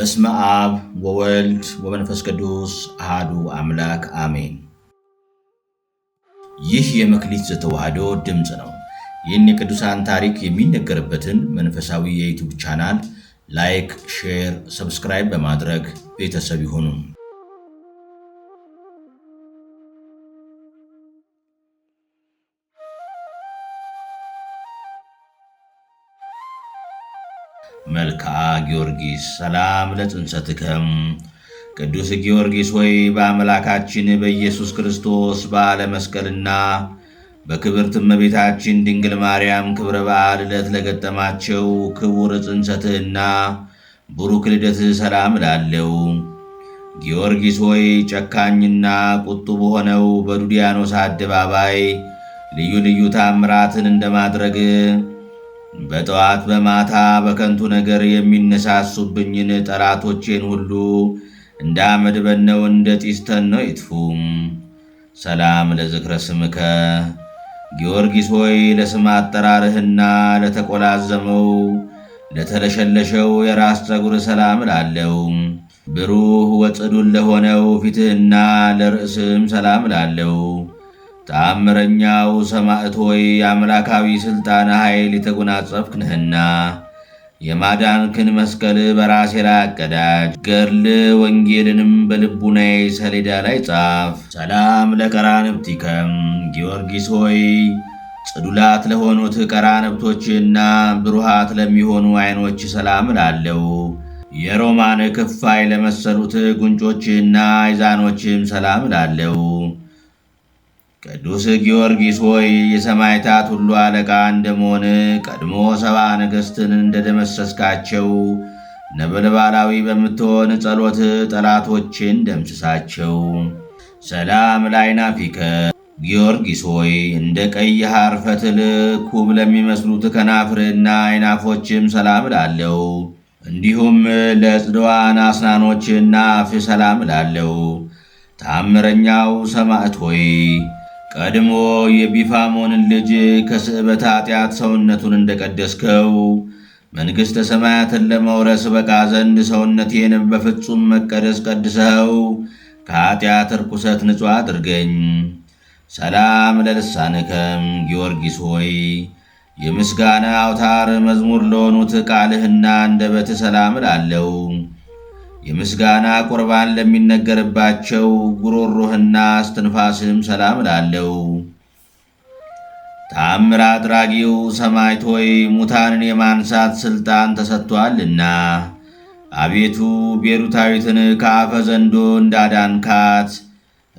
በስመ አብ ወወልድ ወመንፈስ ቅዱስ አሃዱ አምላክ አሜን። ይህ የመክሊት ዘተዋህዶ ድምፅ ነው። ይህን የቅዱሳን ታሪክ የሚነገርበትን መንፈሳዊ የዩቱብ ቻናል ላይክ፣ ሼር፣ ሰብስክራይብ በማድረግ ቤተሰብ ይሁኑ። መልክዓ ጊዮርጊስ ሰላም ለጽንሰትከም ቅዱስ ጊዮርጊስ ሆይ በአምላካችን በኢየሱስ ክርስቶስ በዓለ መስቀልና በክብርት እመቤታችን ድንግል ማርያም ክብረ በዓል ዕለት ለገጠማቸው ክቡር ጽንሰትህና ቡሩክ ልደትህ ሰላም እላለሁ። ጊዮርጊስ ሆይ ጨካኝና ቁጡ በሆነው በዱዲያኖስ አደባባይ ልዩ ልዩ ታምራትን እንደማድረግ በጠዋት በማታ በከንቱ ነገር የሚነሳሱብኝን ጠላቶቼን ሁሉ እንዳመድበነው እንደ ጢስተን ነው ይጥፉም። ሰላም ለዝክረ ስምከ ጊዮርጊስ ሆይ ለስም አጠራርህና ለተቆላዘመው ለተለሸለሸው የራስ ፀጉር ሰላም እላለሁ። ብሩህ ወጽዱን ለሆነው ፊትህና ለርዕስም ሰላም እላለሁ። ተአምረኛው ሰማዕት ሆይ የአምላካዊ ሥልጣን ኃይል የተጎናጸፍክ ነህና የማዳንክን መስቀል በራሴ ላይ አቀዳጅ፣ ገድል ወንጌልንም በልቡናዬ ሰሌዳ ላይ ጻፍ። ሰላም ለቀራንብቲከም ጊዮርጊስ ሆይ ጽዱላት ለሆኑት ቀራንብቶችና ብሩሃት ለሚሆኑ ዐይኖች ሰላም እላለሁ። የሮማን ክፋይ ለመሰሉት ጉንጮችና ይዛኖችም ሰላም እላለሁ። ቅዱስ ጊዮርጊስ ሆይ የሰማዕታት ሁሉ አለቃ እንደመሆን ቀድሞ ሰባ ነገሥትን እንደደመሰስካቸው ነበልባላዊ በምትሆን ጸሎት ጠላቶችን ደምስሳቸው። ሰላም ላይናፊከ ጊዮርጊስ ሆይ እንደ ቀይ ሐር ፈትል ኩብ ለሚመስሉት ከናፍርና አይናፎችም ሰላም እላለሁ። እንዲሁም ለጽድዋን አስናኖችና አፍ ሰላም እላለሁ። ታምረኛው ሰማዕት ሆይ ቀድሞ የቢፋሞንን ልጅ ከስዕበት ኃጢአት ሰውነቱን እንደቀደስከው መንግሥተ ሰማያትን ለመውረስ በቃ ዘንድ ሰውነቴን በፍጹም መቀደስ ቀድሰኸው ከኃጢአት ርኩሰት ንጹሕ አድርገኝ። ሰላም ለልሳንከም ጊዮርጊስ ሆይ የምስጋና አውታር መዝሙር ለሆኑት ቃልህና በት ሰላም እላለው። የምስጋና ቁርባን ለሚነገርባቸው ጉሮሮህና እስትንፋስህም ሰላም እላለሁ። ታምር አድራጊው ሰማዕት ሆይ ሙታንን የማንሳት ሥልጣን ተሰጥቶአልና አቤቱ ቤሩታዊትን ከአፈ ዘንዶ እንዳዳንካት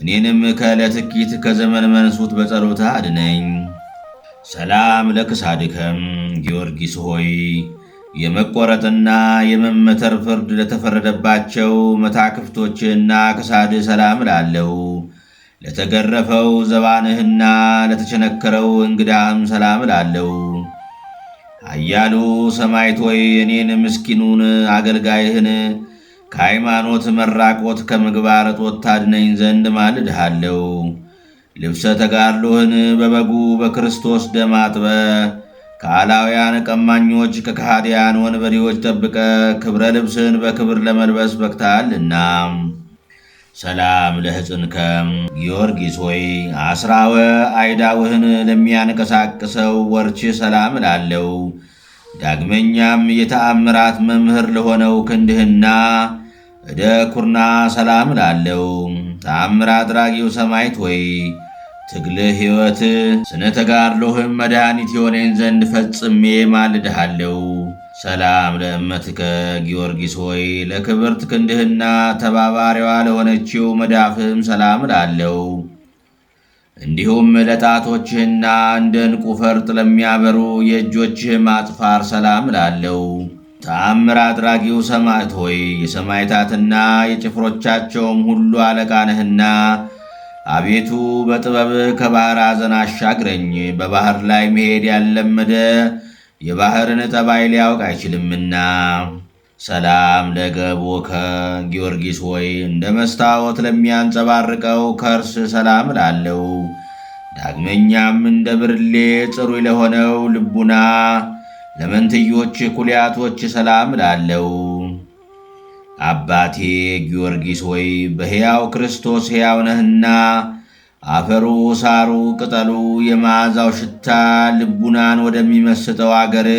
እኔንም ከለትኪት ከዘመን መንሱት በጸሎታ አድነኝ። ሰላም ለክሳድከም ጊዮርጊስ ሆይ የመቆረጥና የመመተር ፍርድ ለተፈረደባቸው መታክፍቶችና ከሳድ ሰላም እላለሁ። ለተገረፈው ዘባንህና ለተቸነከረው እንግዳም ሰላም እላለሁ። አያሉ ሰማይት ወይ እኔን ምስኪኑን አገልጋይህን ከሃይማኖት መራቆት ከምግባር እጦት ታድነኝ ዘንድ ማልድሃለሁ። ልብሰ ተጋድሎህን በበጉ በክርስቶስ ደም አጥበ ከአላውያን ቀማኞች፣ ከካህዲያን ወንበዴዎች ጠብቀ ክብረ ልብስን በክብር ለመልበስ በቅታልና። ሰላም ለሕፅንከም ጊዮርጊስ ሆይ አስራወ አይዳውህን ለሚያንቀሳቅሰው ወርች ሰላም እላለው። ዳግመኛም የተአምራት መምህር ለሆነው ክንድህና እደ ኩርና ሰላም እላለው። ተአምር አድራጊው ሰማይት ሆይ ትግልህ ሕይወት ስነ ተጋድሎህም መድኃኒት የሆነኝ ዘንድ ፈጽሜ ማልድሃለሁ። ሰላም ለእመትከ ጊዮርጊስ ሆይ ለክብርት ክንድህና ተባባሪዋ ለሆነችው መዳፍህም ሰላም እላለሁ። እንዲሁም ለጣቶችህና እንደ ዕንቁ ፈርጥ ለሚያበሩ የእጆችህ ማጥፋር ሰላም እላለሁ። ተአምር አድራጊው ሰማዕት ሆይ የሰማዕታትና የጭፍሮቻቸውም ሁሉ አለቃ ነህና አቤቱ በጥበብ ከባህር ሐዘን አሻግረኝ። በባህር ላይ መሄድ ያለመደ የባሕርን ጠባይ ሊያውቅ አይችልምና። ሰላም ለገቦከ ጊዮርጊስ ሆይ እንደ መስታወት ለሚያንጸባርቀው ከርስ ሰላም እላለሁ። ዳግመኛም እንደ ብርሌ ጽሩይ ለሆነው ልቡና ለመንትዮች ኩልያቶች ሰላም እላለሁ። አባቴ ጊዮርጊስ ሆይ በሕያው ክርስቶስ ሕያው ነህና አፈሩ፣ ሳሩ፣ ቅጠሉ የመዓዛው ሽታ ልቡናን ወደሚመስጠው አገር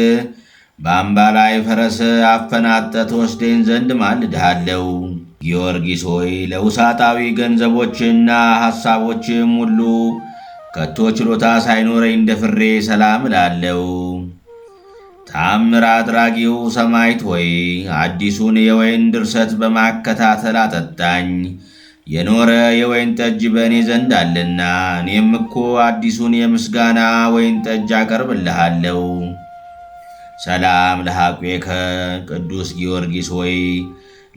በአምባ ላይ ፈረስ አፈናጠ ዘንድ ማልድሃለው። ጊዮርጊስ ሆይ ለውሳጣዊ ገንዘቦችና ሐሳቦችም ሁሉ ከቶ ችሎታ ሳይኖረኝ ፍሬ ሰላም እላለው። ታምር አድራጊው ሰማይት ሆይ አዲሱን የወይን ድርሰት በማከታተል አጠጣኝ። የኖረ የወይን ጠጅ በእኔ ዘንድ አለና እኔም እኮ አዲሱን የምስጋና ወይን ጠጅ አቀርብልሃለሁ። ሰላም ለሐቁከ ቅዱስ ጊዮርጊስ ሆይ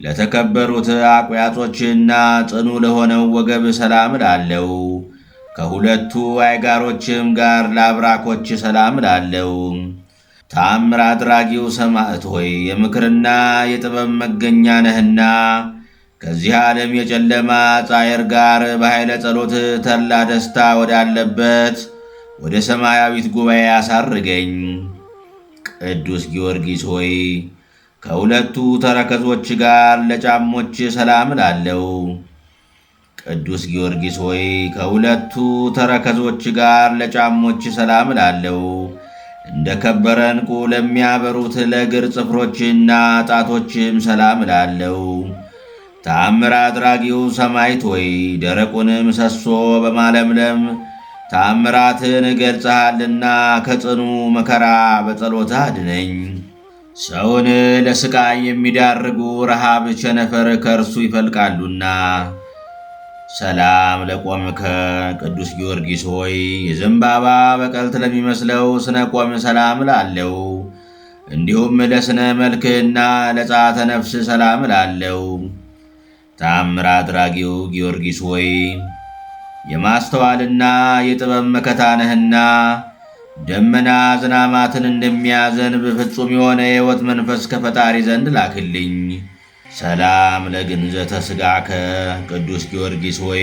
ለተከበሩት አቁያጾችና ጽኑ ለሆነው ወገብ ሰላም እላለሁ። ከሁለቱ አይጋሮችም ጋር ለአብራኮች ሰላም እላለሁ። ታምር አድራጊው ሰማዕት ሆይ የምክርና የጥበብ መገኛ ነህና ከዚህ ዓለም የጨለማ ጻየር ጋር በኃይለ ጸሎት ተድላ ደስታ ወዳለበት ወደ ሰማያዊት ጉባኤ አሳርገኝ። ቅዱስ ጊዮርጊስ ሆይ ከሁለቱ ተረከዞች ጋር ለጫሞች ሰላም እላለሁ። ቅዱስ ጊዮርጊስ ሆይ ከሁለቱ ተረከዞች ጋር ለጫሞች ሰላም እላለሁ። እንደ ከበረ ዕንቁ ለሚያበሩት ለእግር ጽፍሮችና ጣቶችም ሰላም እላለሁ። ተአምር አድራጊው ሰማይት ወይ ደረቁን ምሰሶ በማለምለም ተአምራትን ገልጸሃልና ከጽኑ መከራ በጸሎታ አድነኝ። ሰውን ለስቃይ የሚዳርጉ ረሃብ ቸነፈር ከእርሱ ይፈልቃሉና ሰላም ለቆምከ ቅዱስ ጊዮርጊስ ሆይ የዘንባባ በቀልት ለሚመስለው ስነ ቆም ሰላም እላለሁ። እንዲሁም ለስነ መልክህና ለጻተ ነፍስ ሰላም እላለሁ። ታምር አድራጊው ጊዮርጊስ ሆይ የማስተዋልና የጥበብ መከታ ነህና ደመና ዝናማትን እንደሚያዘንብ ፍጹም የሆነ የሕይወት መንፈስ ከፈጣሪ ዘንድ ላክልኝ። ሰላም ለግንዘተ ሥጋከ ቅዱስ ጊዮርጊስ ሆይ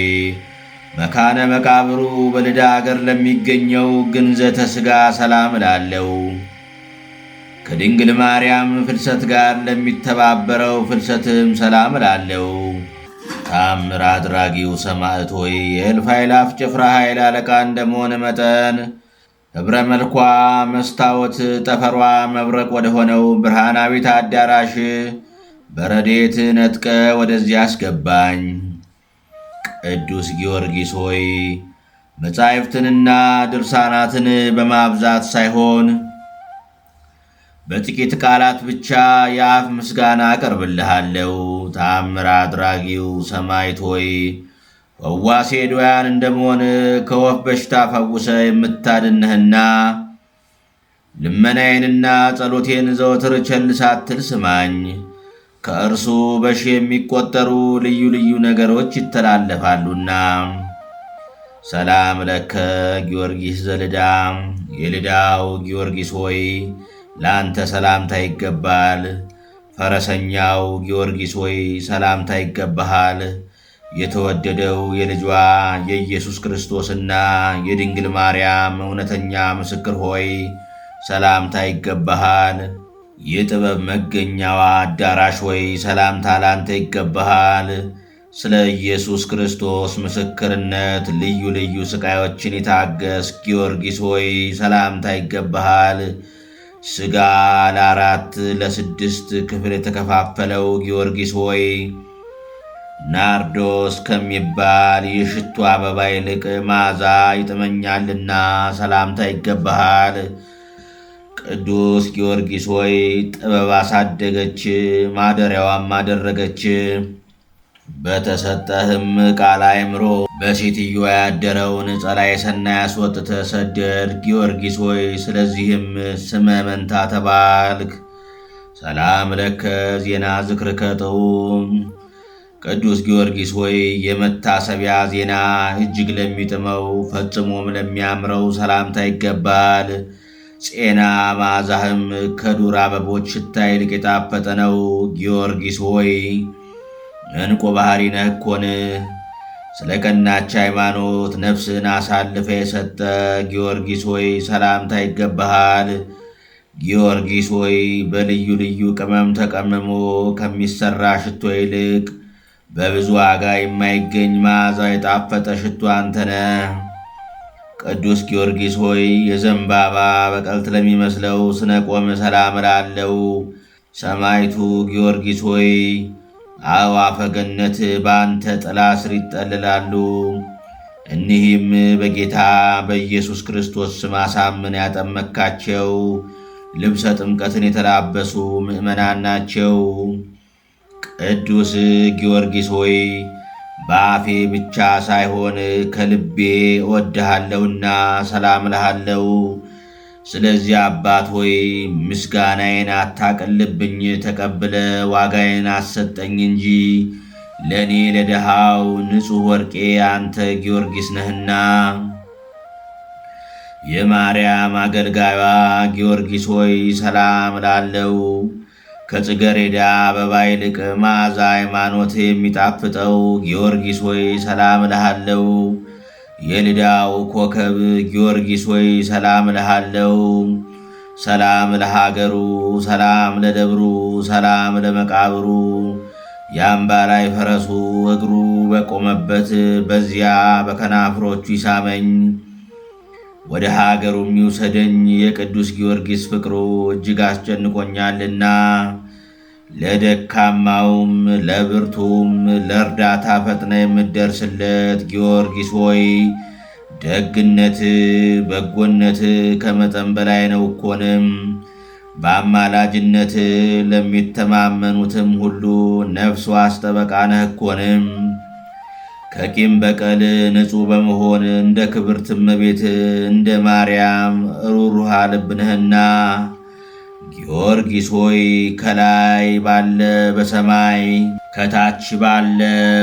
መካነ መቃብሩ በልዳ አገር ለሚገኘው ግንዘተ ሥጋ ሰላም እላለው። ከድንግል ማርያም ፍልሰት ጋር ለሚተባበረው ፍልሰትም ሰላም እላለው። ታምር አድራጊው ሰማዕት ሆይ የእልፍ ኃይላፍ ጭፍራ ኃይል አለቃ እንደመሆን መጠን ኅብረ መልኳ መስታወት ጠፈሯ መብረቅ ወደሆነው ብርሃናዊት አዳራሽ በረዴት ነጥቀ ወደዚያ አስገባኝ። ቅዱስ ጊዮርጊስ ሆይ መጻሕፍትንና ድርሳናትን በማብዛት ሳይሆን በጥቂት ቃላት ብቻ የአፍ ምስጋና አቀርብልሃለሁ። ታምር አድራጊው ሰማዕት ሆይ ፈዋሴ ዶያን እንደመሆን ከወፍ በሽታ ፈውሰ የምታድንህና ልመናዬንና ጸሎቴን ዘወትር ቸል ሳትል ስማኝ። ከእርሱ በሺ የሚቆጠሩ ልዩ ልዩ ነገሮች ይተላለፋሉና። ሰላም ለከ ጊዮርጊስ ዘልዳ የልዳው ጊዮርጊስ ሆይ ለአንተ ሰላምታ ይገባል። ፈረሰኛው ጊዮርጊስ ሆይ ሰላምታ ይገባሃል። የተወደደው የልጇ የኢየሱስ ክርስቶስና የድንግል ማርያም እውነተኛ ምስክር ሆይ ሰላምታ ይገባሃል። የጥበብ መገኛዋ አዳራሽ ወይ ሰላምታ ላንተ ይገባሃል። ስለ ኢየሱስ ክርስቶስ ምስክርነት ልዩ ልዩ ሥቃዮችን የታገስ ጊዮርጊስ ሆይ ሰላምታ ይገባሃል። ሥጋ ለአራት ለስድስት ክፍል የተከፋፈለው ጊዮርጊስ ሆይ ናርዶስ ከሚባል የሽቱ አበባ ይልቅ መዓዛ ይጥመኛልና ሰላምታ ይገባሃል። ቅዱስ ጊዮርጊስ ሆይ ጥበብ አሳደገች ማደሪያዋም አደረገች። በተሰጠህም ቃል አይምሮ በሴትዮ ያደረውን ጸላዔ ሰናይ አስወጥተህ ሰደድ። ጊዮርጊስ ሆይ ስለዚህም ስመ መንታ ተባልክ። ሰላም ለከ ዜና ዝክር ጥዑም። ቅዱስ ጊዮርጊስ ሆይ የመታሰቢያ ዜና እጅግ ለሚጥመው ፈጽሞም ለሚያምረው ሰላምታ ይገባል። ጤና መዓዛህም ከዱር አበቦች ሽታ ይልቅ የጣፈጠ ነው። ጊዮርጊስ ሆይ እንቁ ባህሪ ነህ እኮን ስለ ቀናች ሃይማኖት ነፍስን አሳልፈ የሰጠ ጊዮርጊስ ሆይ ሰላምታ ይገባሃል። ጊዮርጊስ ሆይ በልዩ ልዩ ቅመም ተቀምሞ ከሚሰራ ሽቶ ይልቅ በብዙ ዋጋ የማይገኝ መዓዛ የጣፈጠ ሽቶ አንተ ቅዱስ ጊዮርጊስ ሆይ የዘንባባ በቀልት ለሚመስለው ስነ ቆመ ሰላም ላለው ሰማይቱ ጊዮርጊስ ሆይ አዕዋፈ ገነት በአንተ ጥላ ስር ይጠልላሉ። እኒህም በጌታ በኢየሱስ ክርስቶስ ስም ያጠመካቸው ልብሰ ጥምቀትን የተላበሱ ምእመናን ናቸው። ቅዱስ ጊዮርጊስ ሆይ በአፌ ብቻ ሳይሆን ከልቤ እወድሃለሁና ሰላም እልሃለሁ። ስለዚህ አባት ሆይ ምስጋናዬን አታቀልብኝ፣ ተቀብለ ዋጋዬን አሰጠኝ እንጂ ለእኔ ለድሃው ንጹሕ ወርቄ አንተ ጊዮርጊስ ነህና። የማርያም አገልጋዩዋ ጊዮርጊስ ሆይ ሰላም እላለው። ከጽገሬዳ አበባ ይልቅ መዓዛ ሃይማኖት የሚጣፍጠው ጊዮርጊስ ወይ ሰላም እልሃለው። የልዳው ኮከብ ጊዮርጊስ ወይ ሰላም እልሃለው። ሰላም ለሀገሩ፣ ሰላም ለደብሩ፣ ሰላም ለመቃብሩ የአምባ ላይ ፈረሱ እግሩ በቆመበት በዚያ በከናፍሮቹ ይሳመኝ ወደ ሀገሩ የሚውሰደኝ የቅዱስ ጊዮርጊስ ፍቅሩ እጅግ አስጨንቆኛልና ለደካማውም ለብርቱም ለእርዳታ ፈጥነ የምትደርስለት ጊዮርጊስ ሆይ ደግነት በጎነት ከመጠን በላይ ነው እኮንም። በአማላጅነት ለሚተማመኑትም ሁሉ ነፍሱ አስጠበቃ ነህ እኮንም። ከቂም በቀል ንጹሕ በመሆን እንደ ክብርት እመቤት እንደ ማርያም ሩሩሃ ልብ ነህና ጊዮርጊስ ሆይ ከላይ ባለ በሰማይ ከታች ባለ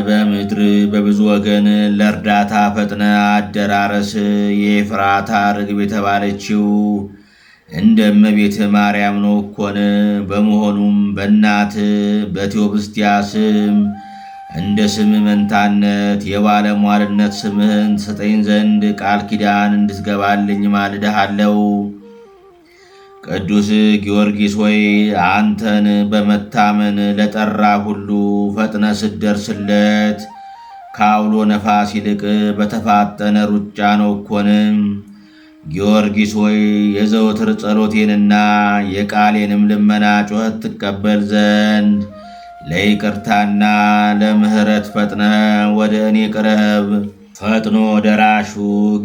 በምድር በብዙ ወገን ለእርዳታ ፈጥነ አደራረስ የኤፍራታ ርግብ የተባለችው እንደ እመቤት ማርያም ነው እኮን። በመሆኑም በእናት በቴዎብስቲያ ስም እንደ ስም መንታነት የባለሟልነት ስምህን ሰጠኝ ዘንድ ቃል ኪዳን እንድትገባልኝ ማልደሃለው። ቅዱስ ጊዮርጊስ ሆይ አንተን በመታመን ለጠራ ሁሉ ፈጥነ ስደርስለት ከአውሎ ነፋስ ይልቅ በተፋጠነ ሩጫ ነው እኮንም። ጊዮርጊስ ሆይ የዘወትር ጸሎቴንና የቃሌንም ልመና ጩኸት ትቀበል ዘንድ ለይቅርታና ለምሕረት ፈጥነ ወደ እኔ ቅረብ። ፈጥኖ ደራሹ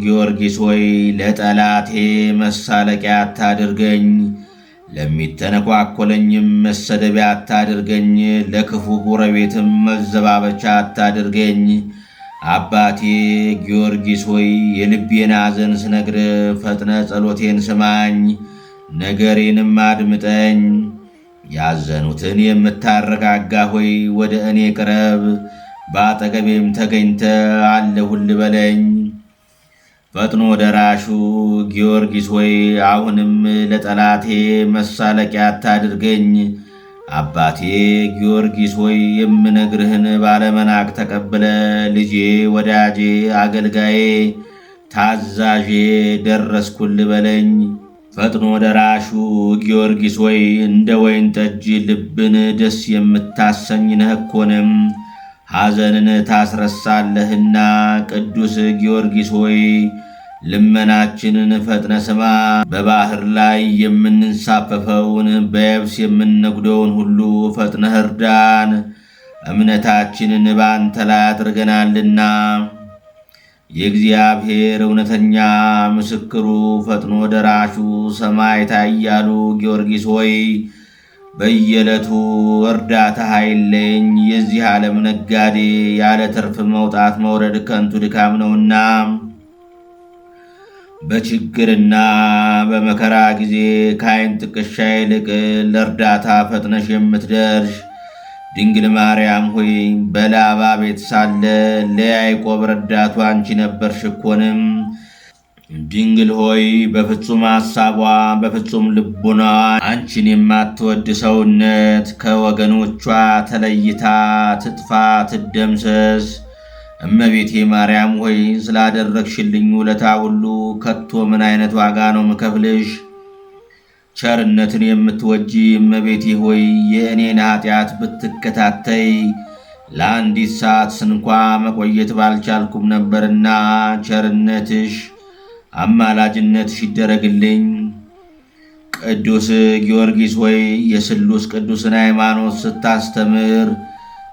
ጊዮርጊስ ሆይ ለጠላቴ መሳለቂያ አታድርገኝ፣ ለሚተነኳኮለኝም መሰደቢያ አታድርገኝ፣ ለክፉ ጎረቤትም መዘባበቻ አታድርገኝ። አባቴ ጊዮርጊስ ሆይ የልቤን አዘን ስነግር ፈጥነ ጸሎቴን ስማኝ፣ ነገሬንም አድምጠኝ። ያዘኑትን የምታረጋጋ ሆይ ወደ እኔ ቅረብ በአጠገቤም ተገኝተ አለሁል በለኝ። ፈጥኖ ደራሹ ጊዮርጊስ ሆይ አሁንም ለጠላቴ መሳለቂያ አታድርገኝ። አባቴ ጊዮርጊስ ሆይ የምነግርህን ባለመናቅ ተቀብለ ልጄ፣ ወዳጄ፣ አገልጋዬ፣ ታዛዤ ደረስኩል በለኝ። ፈጥኖ ደራሹ ጊዮርጊስ ሆይ እንደ ወይን ጠጅ ልብን ደስ የምታሰኝ ነህ እኮንም ሐዘንን ታስረሳለህና ቅዱስ ጊዮርጊስ ሆይ ልመናችንን ፈጥነ ስማ። በባህር ላይ የምንንሳፈፈውን በየብስ የምንነጉደውን ሁሉ ፈጥነ እርዳን፣ እምነታችንን ባንተ ላይ አድርገናልና። የእግዚአብሔር እውነተኛ ምስክሩ ፈጥኖ ደራሹ ሰማይ ታያሉ ጊዮርጊስ ሆይ በየዕለቱ እርዳታ ኃይለኝ የዚህ ዓለም ነጋዴ ያለ ትርፍ መውጣት መውረድ ከንቱ ድካም ነውና በችግርና በመከራ ጊዜ ከዓይን ጥቅሻ ይልቅ ለእርዳታ ፈጥነሽ የምትደርሽ ድንግል ማርያም ሆይ በላባ ቤት ሳለ ለያዕቆብ ረዳቱ አንቺ ነበርሽ እኮንም ድንግል ሆይ በፍጹም ሐሳቧ በፍጹም ልቡና አንቺን የማትወድ ሰውነት ከወገኖቿ ተለይታ ትጥፋ ትደምሰስ። እመቤቴ ማርያም ሆይ ስላደረግሽልኝ ውለታ ሁሉ ከቶ ምን አይነት ዋጋ ነው ምከፍልሽ? ቸርነትን የምትወጂ እመቤቴ ሆይ የእኔን ኃጢአት ብትከታተይ ለአንዲት ሰዓት ስንኳ መቆየት ባልቻልኩም ነበርና ቸርነትሽ አማላጅነት ሲደረግልኝ ቅዱስ ጊዮርጊስ ወይ የስሉስ ቅዱስን ሃይማኖት ስታስተምር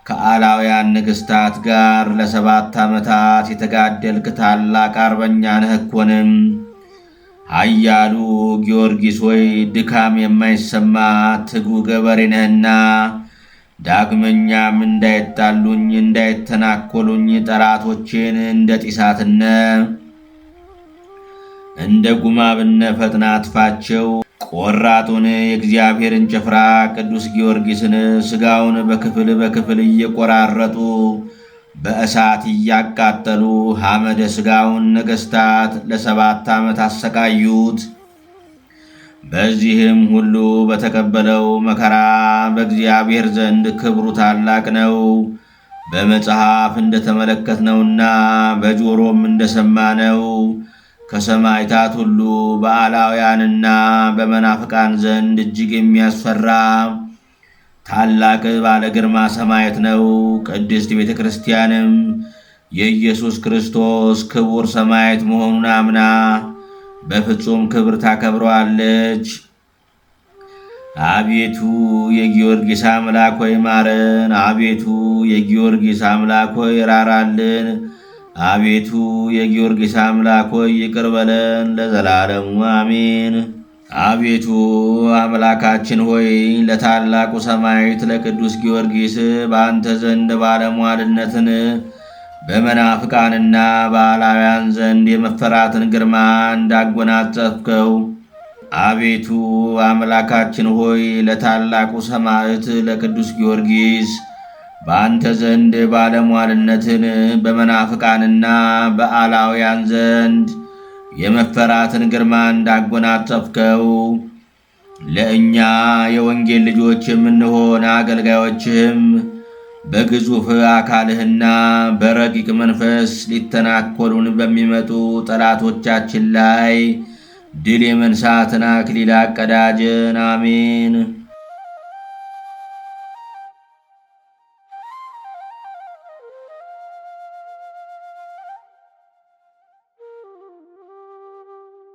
ከአላውያን ንግሥታት ጋር ለሰባት ዓመታት የተጋደልክ ታላቅ አርበኛ ነህ እኮንም። ጊዮርጊስ ወይ ድካም የማይሰማ ትጉ ገበሬ ነህና ዳግመኛም እንዳይጣሉኝ እንዳይተናኮሉኝ ጠላቶቼን እንደ ጢሳትነ እንደ ጉማብነ ፈጥና አጥፋቸው። ቆራጡን የእግዚአብሔርን ጭፍራ ቅዱስ ጊዮርጊስን ሥጋውን በክፍል በክፍል እየቆራረጡ በእሳት እያቃጠሉ ሐመደ ሥጋውን ነገሥታት ለሰባት ዓመት አሰቃዩት። በዚህም ሁሉ በተቀበለው መከራ በእግዚአብሔር ዘንድ ክብሩ ታላቅ ነው። በመጽሐፍ እንደተመለከትነውና በጆሮም እንደሰማነው ከሰማይታት ሁሉ በአላውያንና በመናፍቃን ዘንድ እጅግ የሚያስፈራ ታላቅ ባለ ግርማ ሰማየት ነው። ቅድስት ቤተ ክርስቲያንም የኢየሱስ ክርስቶስ ክቡር ሰማየት መሆኑን አምና በፍጹም ክብር ታከብረዋለች። አቤቱ የጊዮርጊስ አምላክ ሆይ ማረን። አቤቱ የጊዮርጊስ አምላክ ሆይ ራራልን። አቤቱ የጊዮርጊስ አምላክ ሆይ ይቅር በለን ለዘላለሙ አሜን። አቤቱ አምላካችን ሆይ ለታላቁ ሰማዕት ለቅዱስ ጊዮርጊስ በአንተ ዘንድ ባለሟልነትን በመናፍቃንና በአላውያን ዘንድ የመፈራትን ግርማ እንዳጎናጸፍከው አቤቱ አምላካችን ሆይ ለታላቁ ሰማዕት ለቅዱስ ጊዮርጊስ በአንተ ዘንድ ባለሟልነትን በመናፍቃንና በአላውያን ዘንድ የመፈራትን ግርማ እንዳጎናጸፍከው ለእኛ የወንጌል ልጆች የምንሆን አገልጋዮችህም በግዙፍ አካልህና በረቂቅ መንፈስ ሊተናኮሉን በሚመጡ ጠላቶቻችን ላይ ድል የመንሳትን አክሊል አቀዳጀን። አሜን።